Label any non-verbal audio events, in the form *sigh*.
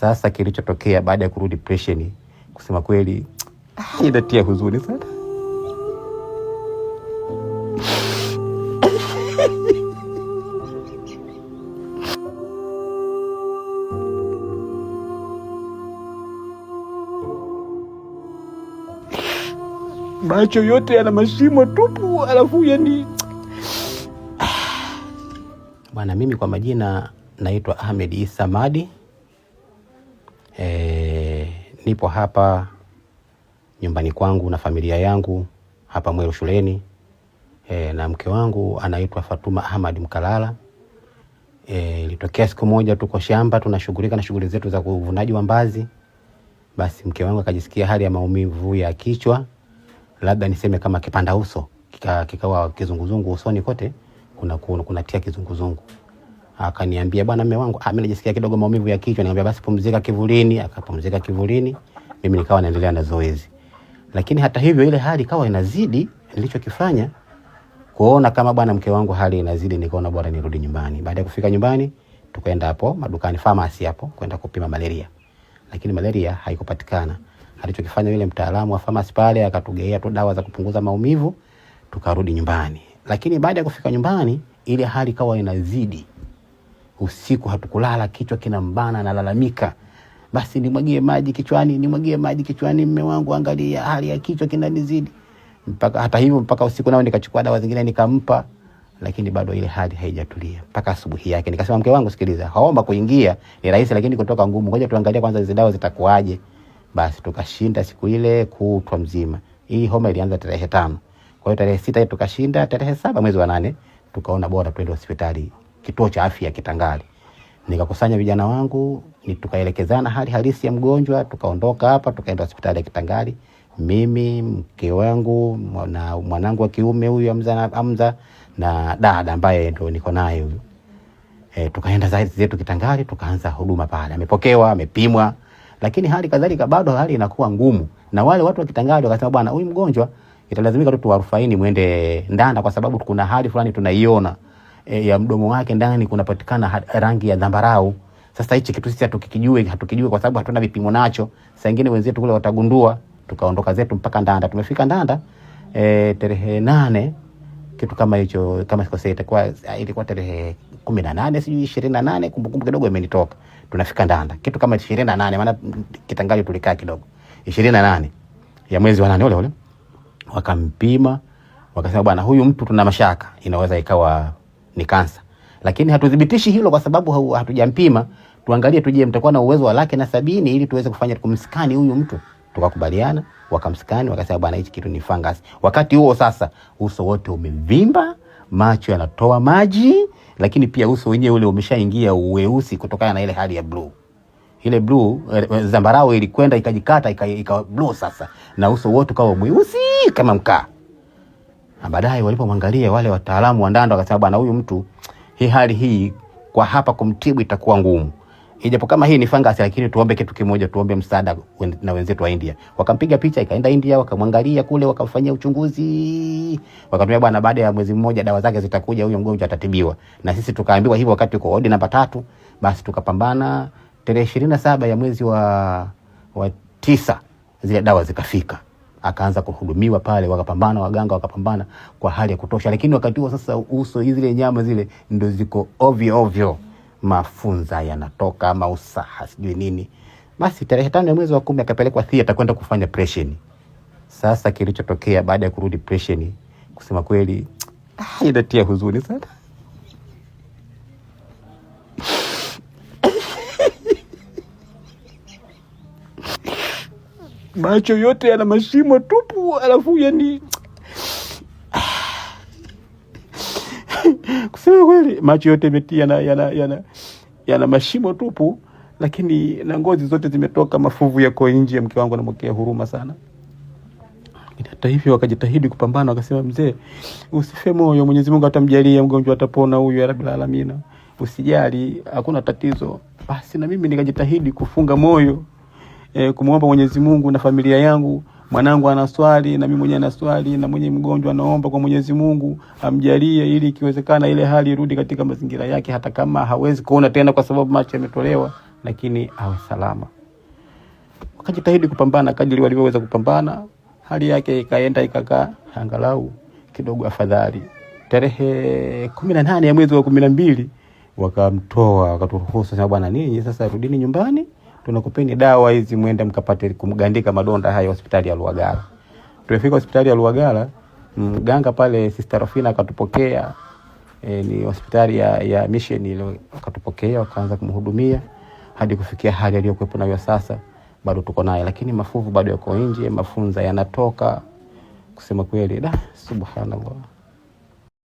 Sasa kilichotokea baada ya kurudi presheni, kusema kweli inatia huzuni sana. macho yote yana mashimo tupu, alafu yani bwana, mimi kwa majina naitwa Ahmed Isa Madi E, nipo hapa nyumbani kwangu na familia yangu hapa Mweru shuleni e, na mke wangu anaitwa Fatuma Ahmad Mkalala. Eh, ilitokea e, siku moja tuko shamba tunashughulika na shughuli zetu za uvunaji wa mbazi, basi mke wangu akajisikia hali ya maumivu ya kichwa, labda niseme kama kipanda uso, kikawa kika kizunguzungu usoni kote kuna, kuna, kuna tia kizunguzungu Akaniambia bwana, mume wangu ah, mimi najisikia kidogo maumivu ya kichwa. Nikamwambia basi pumzika kivulini. Akapumzika kivulini, mimi nikawa naendelea na zoezi, lakini hata hivyo ile hali ikawa inazidi nilichokifanya kuona kama bwana mke wangu hali inazidi, nikaona bora nirudi nyumbani. Baada ya kufika nyumbani, tukaenda hapo madukani pharmacy hapo kwenda kupima malaria, lakini malaria haikupatikana. Alichokifanya yule mtaalamu wa pharmacy pale akatugeia tu dawa za kupunguza maumivu, tukarudi nyumbani. Lakini baada ya kufika nyumbani, ile hali kawa inazidi usiku hatukulala, kichwa kinambana, analalamika, basi nimwagie maji kichwani, nimwagie maji kichwani, mme wangu, angalia hali ya kichwa kinanizidi. Mpaka hata hivyo, mpaka usiku nao nikachukua dawa zingine nikampa, lakini bado ile hali haijatulia mpaka asubuhi yake. Nikasema mke wangu, sikiliza, haomba kuingia ni rahisi, lakini kutoka ngumu. Ngoja tuangalie kwanza hizo dawa zitakuaje. Basi tukashinda siku ile kutwa mzima. Hii homa ilianza tarehe tano, kwa hiyo tarehe sita tukashinda, tarehe saba mwezi wa nane tukaona bora twende hospitali kituo cha afya Kitangali. Nikakusanya vijana wangu ni tukaelekezana hali halisi ya mgonjwa, tukaondoka hapa tukaenda hospitali ya Kitangali, mimi mke wangu na mwanangu wa kiume huyu Hamza, Hamza na dada ambaye ndo niko naye huyu e, tukaenda zaidi zetu Kitangali, tukaanza huduma pale. Amepokewa, amepimwa, lakini hali kadhalika bado hali inakuwa ngumu, na wale watu wa Kitangali wakasema, bwana, huyu mgonjwa italazimika tu tuwarufaini mwende Ndanda kwa sababu kuna hali fulani tunaiona e, ya mdomo wake ndani kunapatikana rangi ya dhambarau. Sasa hichi kitu sisi hatukijui, hatukijui kwa sababu hatuna vipimo nacho. Saa nyingine wenzetu kule watagundua, tukaondoka zetu mpaka Ndanda. Tumefika Ndanda e, tarehe nane kitu kama hicho, kama sikosei, itakuwa ah, ilikuwa tarehe kumi na nane sijui ishirini na nane kumbukumbu kidogo imenitoka. Tunafika Ndanda kitu kama ishirini na nane maana Kitangali tulikaa kidogo, ishirini na nane ya mwezi wa nane ule ule, wakampima wakasema, bwana, huyu mtu tuna mashaka, inaweza ikawa ni kansa, lakini hatuthibitishi hilo kwa sababu hatujampima. Tuangalie tujie, mtakuwa na uwezo wa laki na sabini ili tuweze kufanya kumskani huyu mtu. Tukakubaliana, wakamskani, wakasema bwana, hichi kitu ni fungus. Wakati huo sasa uso wote umevimba, macho yanatoa maji, lakini pia uso wenyewe ule umeshaingia uweusi kutokana na ile hali ya blue ile blue eh, eh, zambarau ilikwenda ikajikata ika, ika blue sasa, na uso wote ukawa mweusi kama mkaa na baadaye walipomwangalia wale wataalamu wa Ndanda wakasema, bwana huyu mtu hii hali hii kwa hapa kumtibu itakuwa ngumu, ijapo kama hii ni fangasi, lakini tuombe kitu kimoja, tuombe msaada na wenzetu wa India. Wakampiga picha, ikaenda India, wakamwangalia kule, wakamfanyia uchunguzi, wakatumia bwana, baada ya mwezi mmoja dawa zake zitakuja, huyo mgonjwa atatibiwa. Na sisi tukaambiwa hivyo wakati uko wodi namba tatu. Basi tukapambana, tarehe ishirini na saba ya mwezi wa, wa tisa zile dawa zikafika akaanza kuhudumiwa pale, wakapambana waganga, wakapambana kwa hali ya kutosha, lakini wakati huo sasa uso zile nyama zile ndo ziko ovyo ovyo, mafunza yanatoka ama usaha sijui nini. Basi tarehe tano ya mwezi wa kumi akapelekwa theater kwenda kufanya presheni. Sasa kilichotokea baada ya kurudi presheni, kusema kweli, *tsk* ah, inatia huzuni sana. macho yote yana mashimo tupu, alafu yani kusema kweli macho yote meti yana, yana, yana, yana mashimo tupu, lakini na ngozi zote zimetoka, mafuvu yako nje. Ya mke wangu anamwekea huruma sana. Hata hivyo wakajitahidi kupambana, wakasema mzee, usife moyo, Mwenyezi Mungu atamjalia mgonjwa, atapona huyu, ya rabbil alamina, usijali, hakuna tatizo. Basi na mimi nikajitahidi kufunga moyo e, kumwomba Mwenyezi Mungu na familia yangu. Mwanangu anaswali na mimi mwenyewe naswali, na mwenye mgonjwa naomba kwa Mwenyezi Mungu amjalie, ili ikiwezekana ile hali irudi katika mazingira yake, hata kama hawezi kuona tena kwa sababu macho yametolewa, lakini awe salama. Wakajitahidi kupambana kadri walivyoweza kupambana, hali yake ikaenda ikakaa angalau kidogo afadhali. Tarehe kumi na nane ya mwezi wa kumi na mbili wakamtoa wakaturuhusu, sema bwana, ninyi sasa rudini nyumbani tunakupeni dawa hizi muende mkapate kumgandika madonda haya hospitali ya Luagala. Tumefika hospitali ya Luagala, mganga pale Sister Rufina akatupokea e, ni hospitali ya, ya mission ile akatupokea, wakaanza kumhudumia hadi kufikia hali aliyokuwepo nayo sasa, bado tuko naye, lakini mafuvu bado yako nje, mafunza yanatoka. Kusema kweli, da, subhanallah.